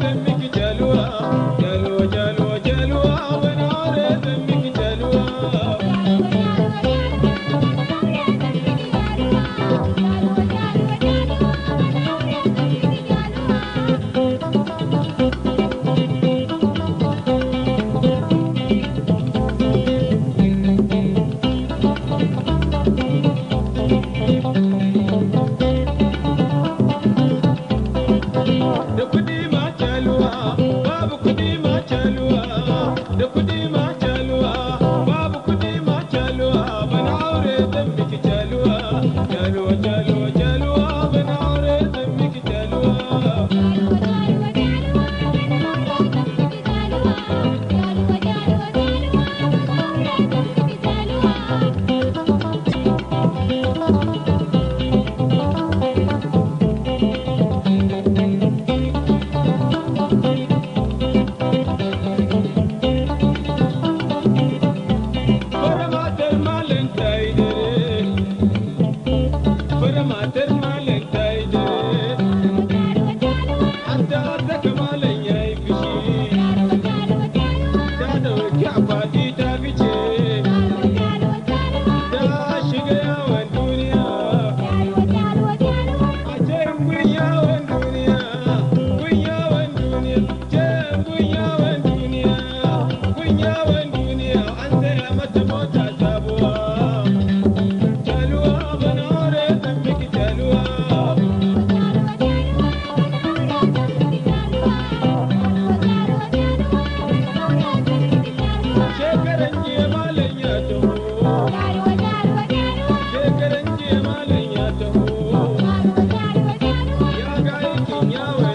Let me تلو Señor.